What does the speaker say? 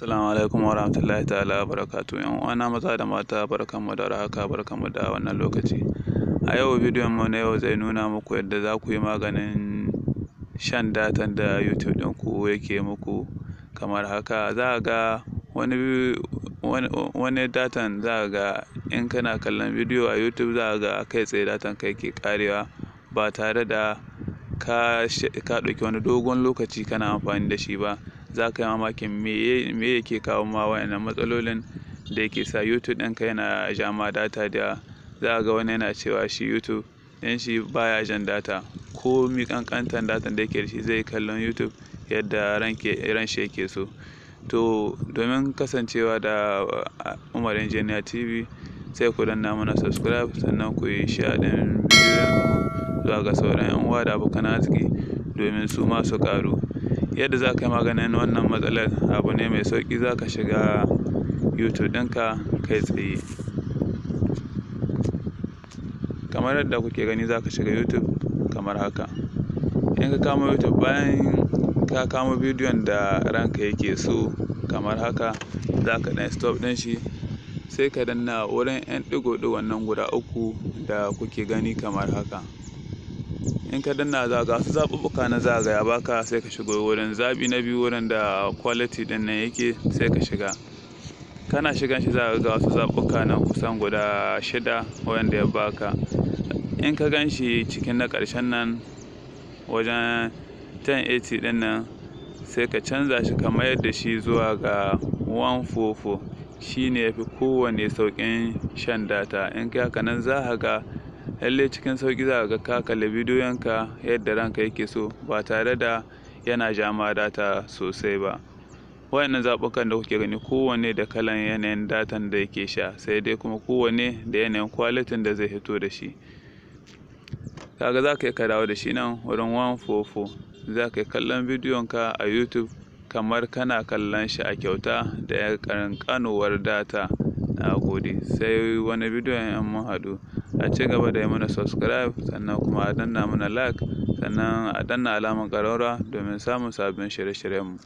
Assalamu alaikum warahmatullahi ta'ala barakatu yan uwana maza da mata barkanmu da haka barkanmu da wannan lokaci a yau bidiyon mu na yau zai nuna muku yadda za ku yi maganin shan datan da YouTube din ku yake muku kamar haka za ka ga wani wani datan za ka ga in kana kallon bidiyo a YouTube za ka ga kai tsaye datan kai ke karewa ba tare da ka ka ɗauki wani dogon lokaci kana amfani da shi ba za ka yi mamakin me yake kawo ma wa'annan matsalolin da yake sa youtube ɗinka yana ja ma data da za ga wani yana cewa shi youtube ɗin shi baya jan data ko mi kankantan datan da yake da shi zai kallon youtube yadda ran shi yake so to domin kasancewa da umar engineer tv sai ku danna mana subscribe sannan ku yi sha ɗin bidiyon zuwa ga sauran yan uwa da abokan arziki domin su ma su ƙaru yadda za ka yi maganin wannan matsalar abu ne mai sauƙi za ka shiga youtube ɗinka kai tsaye kamar yadda kuke gani za ka shiga youtube kamar haka in ka kama youtube bayan ka kama bidiyon da ranka yake so kamar haka za ka ɗan stop ɗin shi sai ka danna wurin 'yan ɗigo-ɗigon nan guda uku da kuke gani kamar haka in ka danna za su zaɓuɓɓuka na zagaya baka sai ka shigo wurin zaɓi na biyu wurin da quality ɗin nan yake sai ka shiga kana shigan shi za ka ga wasu zaɓuɓɓuka na kusan guda shida wanda ya baka in ka gan shi cikin na ƙarshen nan wajen 1080 ɗin nan sai ka canza shi ka mayar da shi zuwa ga 144 shi ne ya fi kowane sauƙin shan data in ka haka nan za ka ga lallai cikin sauki za ga ka kalli bidiyonka yadda ranka yake so ba tare da yana jama data sosai ba wayannan zaɓukan da kuke gani kowanne da kalan yanayin datan da yake sha sai dai kuma kowanne da yanayin kwalitin da zai fito da shi kaga za ka yi dawo da shi nan wurin 144 za ka yi kallon bidiyonka a youtube kamar kana kallon shi a kyauta da ya ƙanƙanuwar data Na gode. Sai wani bidiyon in mun haɗu. A ci gaba da yi mana subscribe sannan kuma a danna mana like sannan a danna alamar ƙararrawa domin samun sabbin shirye-shiryenmu.